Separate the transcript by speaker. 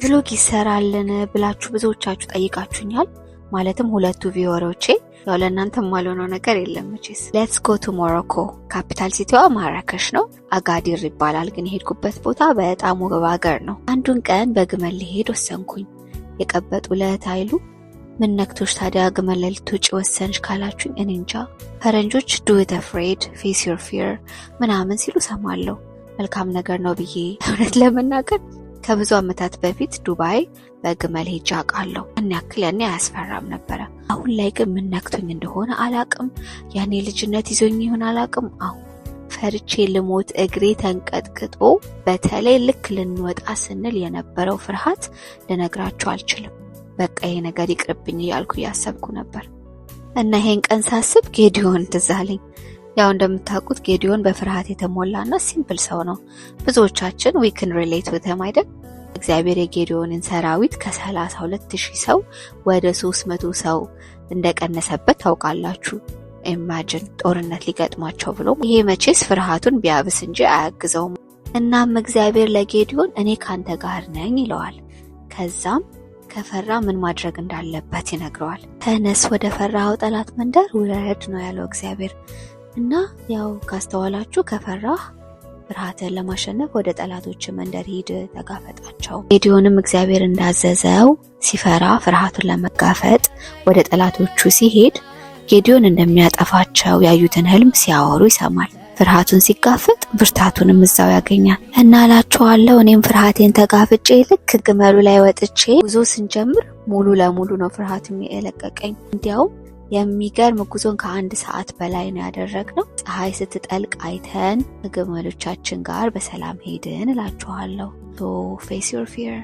Speaker 1: ቪሎግ ይሰራልን ብላችሁ ብዙዎቻችሁ ጠይቃችሁኛል። ማለትም ሁለቱ ቪወሮቼ ያው ለእናንተም ማልሆነው ነገር የለም መቼስ። ሌትስ ጎ ቱ ሞሮኮ ካፒታል ሲቲዋ ማራከሽ ነው። አጋዲር ይባላል፣ ግን የሄድኩበት ቦታ በጣም ውብ ሀገር ነው። አንዱን ቀን በግመል ሊሄድ ወሰንኩኝ። የቀበጡ ለት አይሉ ምን ነክቶች ታዲያ ግመል ለሊት ውጭ ወሰንሽ ካላችሁኝ እኔ እንጃ። ፈረንጆች ዱ ኢት አፍሬድ ፌስ ዮር ፊር ምናምን ሲሉ ሰማለሁ። መልካም ነገር ነው ብዬ እውነት ለመናገር ከብዙ ዓመታት በፊት ዱባይ በግመል ሄጃ አውቃለሁ። ያን ያክል ያኔ አያስፈራም ነበረ። አሁን ላይ ግን ምን ነክቶኝ እንደሆነ አላቅም። ያኔ ልጅነት ይዞኝ ይሆን አላቅም። አሁን ፈርቼ ልሞት እግሬ ተንቀጥቅጦ፣ በተለይ ልክ ልንወጣ ስንል የነበረው ፍርሃት ልነግራችሁ አልችልም። በቃ ይሄ ነገር ይቅርብኝ እያልኩ እያሰብኩ ነበር እና ይሄን ቀን ሳስብ ጌዲዮን ትዝ ያው እንደምታውቁት ጌዲዮን በፍርሃት የተሞላና ሲምፕል ሰው ነው። ብዙዎቻችን ዊክን ሪሌት ውተም አይደል? እግዚአብሔር የጌዲዮንን ሰራዊት ከ32 ሺህ ሰው ወደ 300 ሰው እንደቀነሰበት ታውቃላችሁ። ኢማጅን ጦርነት ሊገጥማቸው ብሎ ይሄ መቼስ ፍርሃቱን ቢያብስ እንጂ አያግዘውም። እናም እግዚአብሔር ለጌዲዮን እኔ ካንተ ጋር ነኝ ይለዋል። ከዛም ከፈራ ምን ማድረግ እንዳለበት ይነግረዋል። ተነስ፣ ወደ ፈራኸው ጠላት መንደር ውረድ ነው ያለው እግዚአብሔር። እና ያው ካስተዋላችሁ ከፈራህ ፍርሃትን ለማሸነፍ ወደ ጠላቶች መንደር ሂድ፣ ተጋፈጣቸው። ጌዲዮንም እግዚአብሔር እንዳዘዘው ሲፈራ ፍርሃቱን ለመጋፈጥ ወደ ጠላቶቹ ሲሄድ ጌዲዮን እንደሚያጠፋቸው ያዩትን ህልም ሲያወሩ ይሰማል። ፍርሃቱን ሲጋፈጥ ብርታቱንም እዛው ያገኛል እና እላችኋለሁ እኔም ፍርሃቴን ተጋፍጬ ልክ ግመሉ ላይ ወጥቼ ጉዞ ስንጀምር ሙሉ ለሙሉ ነው ፍርሃት የለቀቀኝ። እንዲያውም የሚገርም ጉዞን ከአንድ ሰዓት በላይ ነው ያደረግነው። ፀሐይ ስትጠልቅ አይተን ምግብ መሎቻችን ጋር በሰላም ሄድን እላችኋለሁ። ፌስ ዮር ፊር